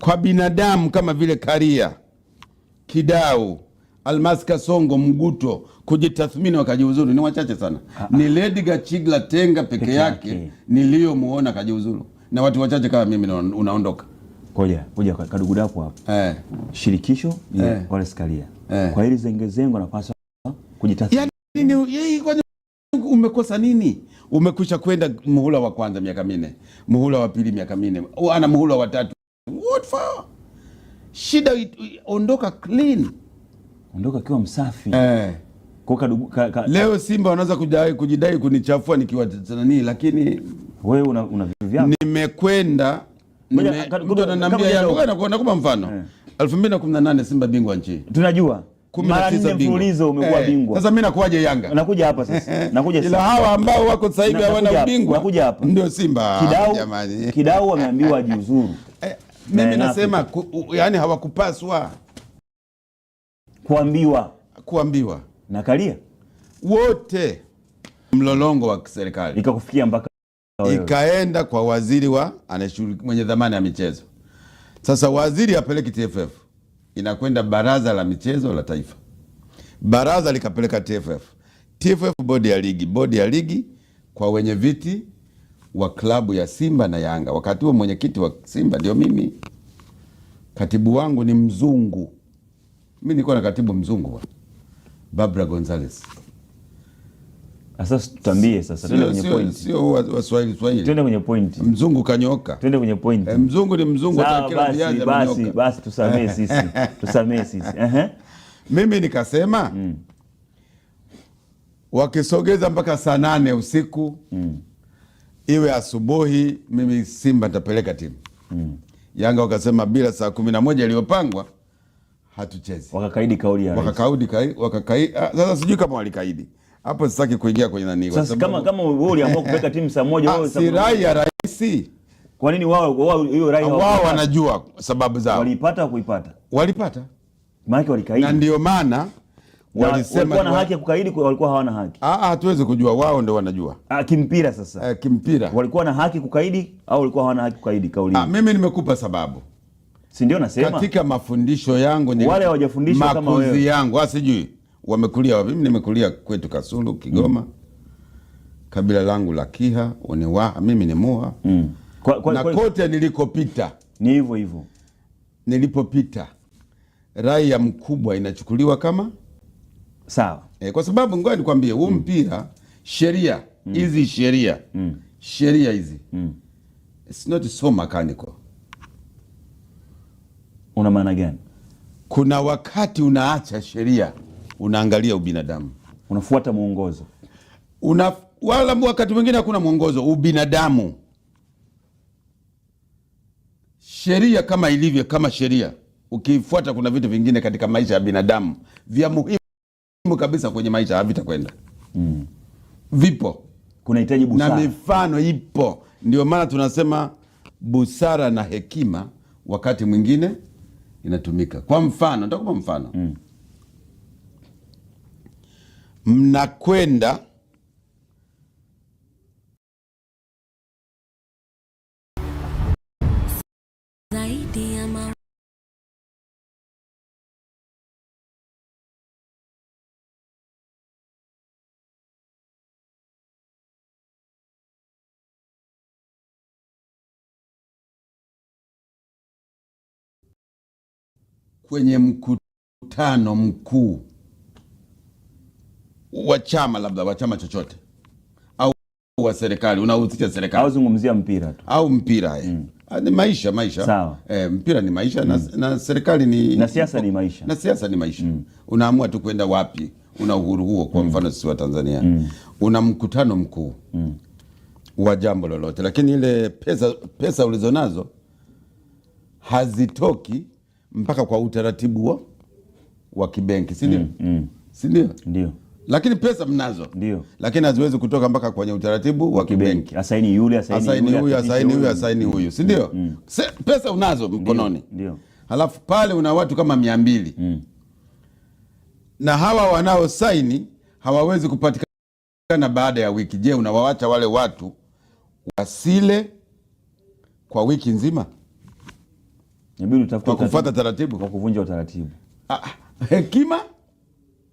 kwa binadamu kama vile Karia, Kidau, Almasi Kasongo, Mguto kujitathmini wakajiuzuru ni wachache sana. Aa, ah, ah. ni Lady Gachigla Tenga peke, peke yake niliyomuona kajiuzuru na watu wachache kama mimi unaondoka. Koja, koja kadugu hapo eh. Shirikisho ni eh. Wallace Karia eh. Kwa hili zengezengo anapaswa kujitathmini. Yaani umekosa nini? Umekwisha kwenda muhula wa kwanza miaka minne, muhula wa pili miaka minne, ana muhula wa tatu What for? Shida ondoka clean. Ondoka kiwa msafi. Eh. Kadubu, ka, ka, leo Simba wanaweza kujidai, kujidai kunichafua nikiwa nanii, lakini wewe una, una vitu vyako. Nimekwenda mtu ananiambia nakupa mfano eh. mbili na kumi nane Simba bingwa nchi, tunajua mara nne mfululizo umekuwa eh. bingwa. Sasa mimi nakuaje Yanga? Nakuja hapa sasa, nakuja sasa, ila hawa ambao wako sasa hivi hawana ubingwa, nakuja hapa ndio Simba. Kidau, jamani, Kidau wameambiwa ajiuzuru. Eh mimi nasema ku, yani hawakupaswa kuambiwa kuambiwa na kalia wote mlolongo wa serikali ikakufikia mpaka ikaenda kwa waziri wa anayeshughulikia mwenye dhamana ya michezo. Sasa waziri apeleki TFF, inakwenda baraza la michezo la taifa, baraza likapeleka TFF, TFF bodi ya ligi, bodi ya ligi kwa wenye viti wa klabu ya Simba na Yanga. Wakati huo mwenyekiti wa Simba ndio mimi, katibu wangu ni mzungu. Mimi nilikuwa na katibu mzungu wa Barbara Gonzalez. Asas, tutambie sasa, twende kwenye point. Sio waswahili swahili, Tuende kwenye point. Mzungu kanyoka. Tuende kwenye point. E, eh, mzungu ni mzungu hata kila mjanja viaja basi, basi tusamee sisi tusamee sisi uh -huh. Mimi nikasema mm. wakisogeza mpaka saa nane usiku mm iwe asubuhi, mimi Simba nitapeleka timu mm. Yanga wakasema bila saa kumi na moja iliyopangwa hatuchezi, wakakaidi kauli ya wakakaidi kauli ah, wakakaidi. Sasa sijui kama walikaidi hapo, sitaki kuingia kwenye nani. Sasa kama kama wewe uliamua kupeleka timu saa moja, wewe ah, si rai ya rais. Kwa nini wao wao hiyo rai wao wanajua sababu zao, walipata kuipata walipata, maana walikaidi, na ndio maana walisema na haki ya kukaidi, walikuwa hawana haki. Ah, ah, hatuwezi kujua, wao ndio wanajua. Ah, kimpira sasa. Eh, kimpira walikuwa na haki kukaidi au walikuwa hawana haki kukaidi? Kauli ah, mimi nimekupa sababu, si ndio? Nasema katika mafundisho yangu ni wale hawajafundishwa kama wewe, makuzi yangu asijui ah, wamekulia wapi. Mimi nimekulia kwetu Kasulu, Kigoma, mm. kabila langu la Kiha ni Waha, mimi ni Muha mm. kwa, kwa, na kwa, kote nilikopita ni hivyo hivyo, nilipopita ya mkubwa inachukuliwa kama sawa. E, kwa sababu ngoja nikwambie huu mm. mpira mm. sheria hizi mm. sheria mm. sheria hizi mm. it's not so mechanical. Una maana gani? Kuna wakati unaacha sheria, unaangalia ubinadamu, unafuata mwongozo una wala wakati mwingine hakuna mwongozo, ubinadamu. Sheria kama ilivyo, kama sheria ukifuata kuna vitu vingine katika maisha ya binadamu vya muhimu vipo kabisa kwenye maisha havitakwenda mm. Vipo, kunahitaji busara na mifano ipo, ndio maana tunasema busara na hekima wakati mwingine inatumika. Kwa mfano, nitakupa mfano mm. mnakwenda kwenye mkutano mkuu wa chama labda wa chama chochote au wa serikali unahusisha serikali au zungumzia mpira tu au mpira eh. mm. Ah, ni maisha maisha. Sawa. E, mpira ni maisha mm. na, na serikali ni na siasa ni maisha na siasa ni maisha mm. Unaamua tu kwenda wapi, una uhuru huo. Kwa mm. mfano sisi wa Tanzania mm. una mkutano mkuu mm. wa jambo lolote, lakini ile pesa, pesa ulizonazo hazitoki mpaka kwa utaratibu wa, wa kibenki si ndio? mm, mm. Ndio. Lakini pesa mnazo ndio, lakini haziwezi kutoka mpaka kwenye utaratibu wa kibenki, asaini yule, asaini huyu, asaini huyu, asaini huyu, si ndio? mm. mm. Pesa unazo mkononi ndio, halafu pale una watu kama mia mbili mm. na hawa wanao saini hawawezi kupatikana baada ya wiki. Je, unawaacha wale watu wasile kwa wiki nzima? inabidi utafuta kwa kufuata taratibu, kwa kuvunja utaratibu. Ah, ah. hekima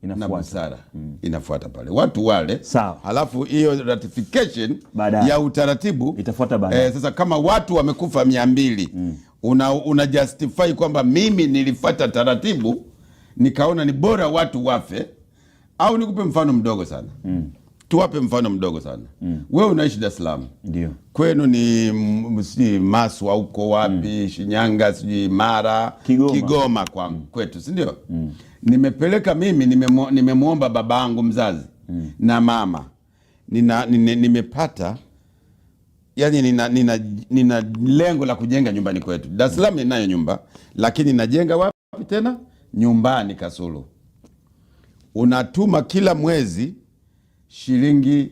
inafuata na busara mm. inafuata pale watu wale sawa, alafu hiyo ratification badai. ya utaratibu itafuata eh, baadaye. Eh, sasa kama watu wamekufa mia mbili mm. una, una justify kwamba mimi nilifuata taratibu nikaona ni bora watu wafe, au nikupe mfano mdogo sana mm. Tuwape mfano mdogo sana mm. Wewe unaishi Dar Salaam, ndio kwenu ni si Maswa huko wapi mm. Shinyanga sijui Mara Kigoma, Kigoma kwa mm. kwetu si ndio mm. Nimepeleka mimi nimemwomba nime babangu mzazi mm. na mama nimepata yani nina, nina, nina lengo la kujenga nyumbani kwetu Dar es Salaam mm. ninayo nyumba lakini najenga wapi tena? Nyumbani Kasulu. Unatuma kila mwezi shilingi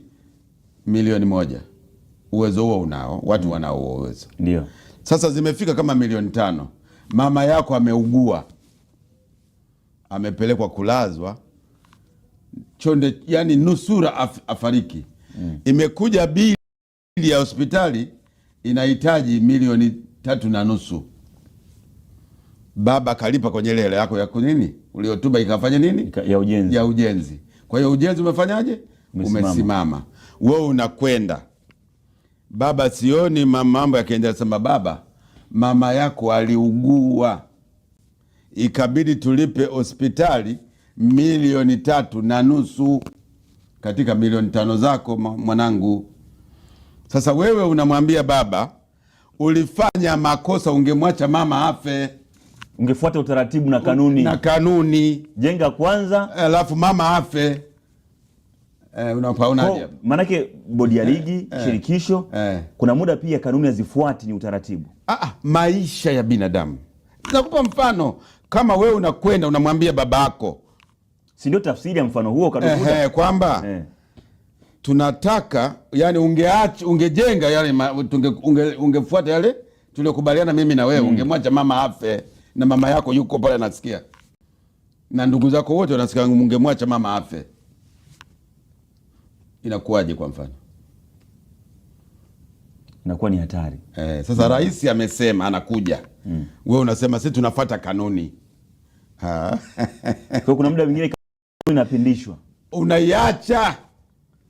milioni moja. Uwezo huo unao, watu mm. wanao huo uwezo. Ndio sasa zimefika kama milioni tano. Mama yako ameugua, amepelekwa kulazwa chonde, yani nusura af, afariki mm. Imekuja bili ya hospitali inahitaji milioni tatu na nusu. Baba kalipa kwenye hela yako ya nini uliotuba ikafanya nini ya ujenzi, ya ujenzi. Kwa hiyo ujenzi umefanyaje? umesimama, wewe unakwenda baba, sioni mambo yakiendelea. Sema baba, mama yako aliugua, ikabidi tulipe hospitali milioni tatu na nusu katika milioni tano zako mwanangu. Sasa wewe unamwambia baba, ulifanya makosa, ungemwacha mama afe, ungefuata utaratibu na kanuni na kanuni, jenga kwanza, alafu mama afe. Eh, unapaonaje? Maanake bodi ya eh, ligi eh, shirikisho eh, kuna muda pia kanuni hazifuati, ni utaratibu. Ah, ah maisha ya binadamu. Nakupa mfano kama wewe unakwenda unamwambia babako, si ndio tafsiri ya mfano huo kadokuta eh, eh, kwamba eh, tunataka yani ungeacha ungejenga yale unge, ungefuata yale tuliokubaliana mimi na wewe mm, ungemwacha mama afe na mama yako yuko pale anasikia na ndugu zako wote wanasikia, ungemwacha mama afe inakuwaje? Kwa mfano inakuwa ni hatari eh. Sasa mm. Rais amesema anakuja mm. Wewe unasema sisi tunafuata kanuni Kwa kuna muda mwingine inapindishwa, unaiacha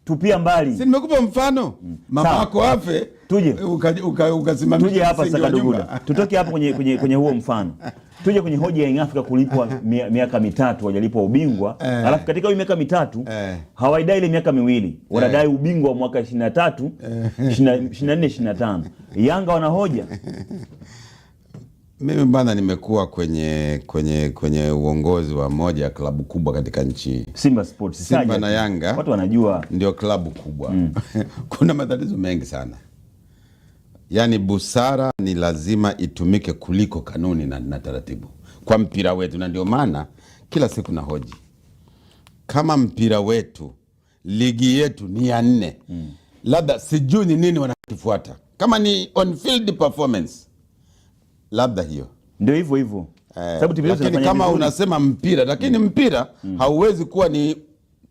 tupia mbali. Si nimekupa mfano mm. mama yako afe tuje e, ukasimamisha tuje hapa saka duguda tutoke hapo kwenye, kwenye, kwenye huo mfano tuje kwenye hoja ya Afrika kulipwa miaka mitatu wajalipwa ubingwa eh. Alafu katika hiyo miaka mitatu eh. hawaidai ile miaka miwili wanadai eh. ubingwa wa mwaka 23 eh. 24 25 Yanga wanahoja Mimi bana, nimekuwa kwenye kwenye kwenye uongozi wa moja ya klabu kubwa katika nchi Simba Sports. Simba na Yanga watu wanajua ndio klabu kubwa mm. kuna matatizo mengi sana, yaani busara ni lazima itumike kuliko kanuni na, na taratibu kwa mpira wetu, na ndio maana kila siku na hoji kama mpira wetu ligi yetu ni ya nne mm. labda sijui ni nini wanakifuata kama ni on field performance labda hiyo ndio hivyo hivyo eh, lakini kama unasema mpira lakini mm. mpira mm. hauwezi kuwa ni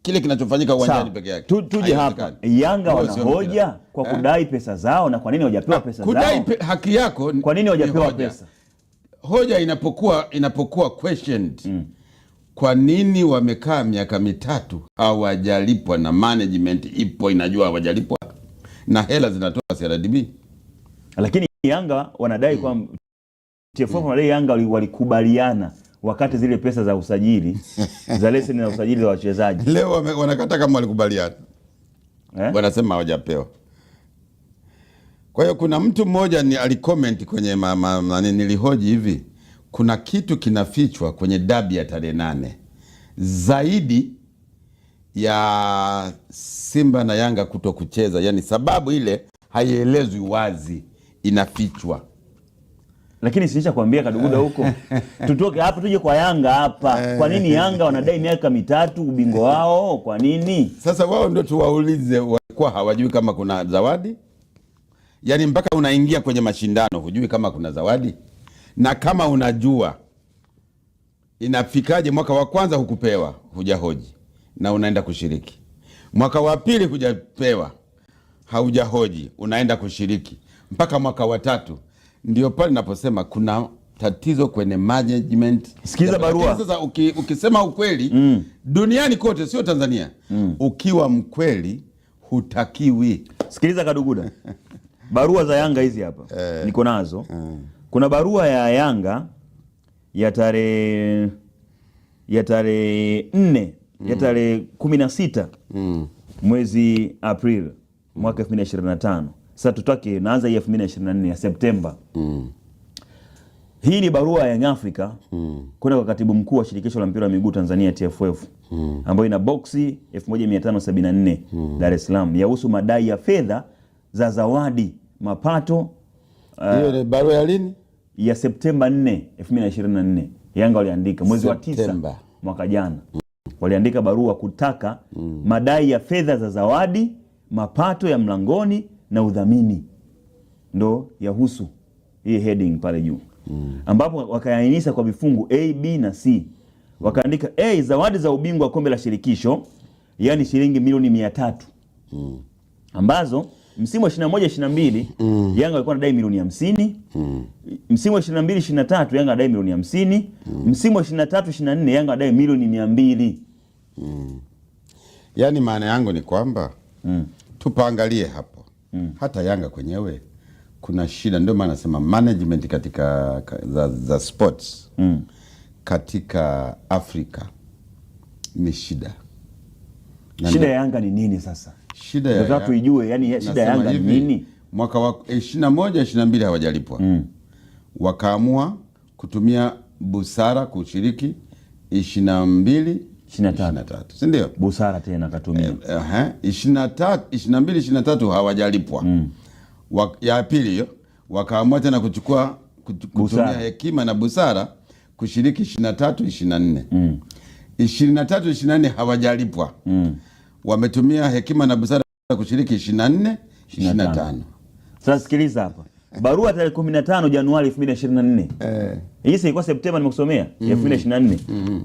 kile kinachofanyika uwanjani peke yake. Tu, tuje hapa Yanga wanahoja kwa eh. kudai pesa zao na kwa nini hawajapewa ah, pesa zao? Kudai pe, haki yako. Kwa nini hawajapewa pesa? Hoja inapokuwa inapokuwa questioned mm. Kwa nini wamekaa miaka mitatu hawajalipwa na management ipo inajua hawajalipwa na hela zinatoka CRDB, lakini Yanga wanadai mm. kwa TFF mm. wale Yanga walikubaliana wakati zile pesa za usajili za leseni na usajili za wachezaji leo wame, wanakata kama walikubaliana eh? wanasema hawajapewa. Kwa hiyo kuna mtu mmoja ni alikomenti kwenye ma, ma, ma, nilihoji hivi, kuna kitu kinafichwa kwenye dabi ya tarehe nane zaidi ya Simba na Yanga kuto kucheza, yani sababu ile haielezwi wazi, inafichwa lakini siisha kuambia Kaduguda huko tutoke hapa tuje kwa Yanga hapa. Eh. Kwa nini Yanga wanadai miaka mitatu ubingwa eh. wao? Kwa nini sasa? Wao ndio tuwaulize, walikuwa hawajui kama kuna zawadi? Yaani mpaka unaingia kwenye mashindano hujui kama kuna zawadi, na kama unajua inafikaje? Mwaka wa kwanza hukupewa, hujahoji na unaenda kushiriki. Mwaka wa pili hujapewa, haujahoji, unaenda kushiriki mpaka mwaka wa tatu ndio pale naposema kuna tatizo kwenye management. Sikiza barua sasa. Uki, ukisema ukweli mm. duniani kote, sio Tanzania mm. ukiwa mkweli hutakiwi. Sikiliza Kaduguda, barua za Yanga hizi hapa eh, niko nazo mm. kuna barua ya Yanga ya tarehe ya tarehe nne mm. ya tarehe kumi na sita mm. mwezi april mwaka elfu mbili na ishirini na tano sasa tutaki naanza hii 2024 ya Septemba mm. Hii ni barua ya Young Africa mm. kwenda kwa katibu mkuu wa shirikisho la mpira wa miguu Tanzania TFF mm. ambayo ina boksi 1574 mm. Dar es Salaam yahusu madai ya fedha za zawadi mapato. Uh, Hiyo uh, ni barua ya lini? Ya Septemba 4, 2024. Yanga waliandika mwezi wa tisa mwaka jana mm. waliandika barua kutaka mm. madai ya fedha za zawadi mapato ya mlangoni na udhamini, ndo yahusu hii heading pale juu mm. ambapo wakayainisha kwa vifungu A, B na C wakaandika A, eh, hey, zawadi za ubingwa wa kombe la shirikisho yaani shilingi milioni mia tatu mm. ambazo msimu wa moja 21 mbili mm. Yanga alikuwa nadai milioni hamsini mm. msimu wa mbili 22 tatu Yanga nadai milioni hamsini mm. msimu wa tatu 23 nne Yanga nadai milioni mia mbili mm. Yaani maana yangu ni kwamba mm. tupaangalie hapa mm. hata Yanga kwenyewe kuna shida, ndio maana nasema management katika za, za sports mm. katika Afrika ni shida. Nani? Shida ya Yanga ni nini sasa? Shida ya Yanga tuijue, yani shida ya Yanga ni nini? Mwaka wa 21 eh, 22 hawajalipwa mm. wakaamua kutumia busara kushiriki ishirini na mbili si Busara tena katumia ishirini na mbili ishirini na tatu hawajalipwa mm. ya pili hiyo wakaamua tena kuchukua kutumia hekima na busara kushiriki ishirini na tatu ishirini na nne mm. ishirini na tatu ishirini na nne hawajalipwa mm. wametumia hekima na busara kushiriki ishirini na nne ishirini na tano Sasa sikiliza hapa barua tarehe kumi na tano Januari elfu mbili na ishirini na nne hii ilikuwa Septemba, nimekusomea elfu mbili na ishirini na nne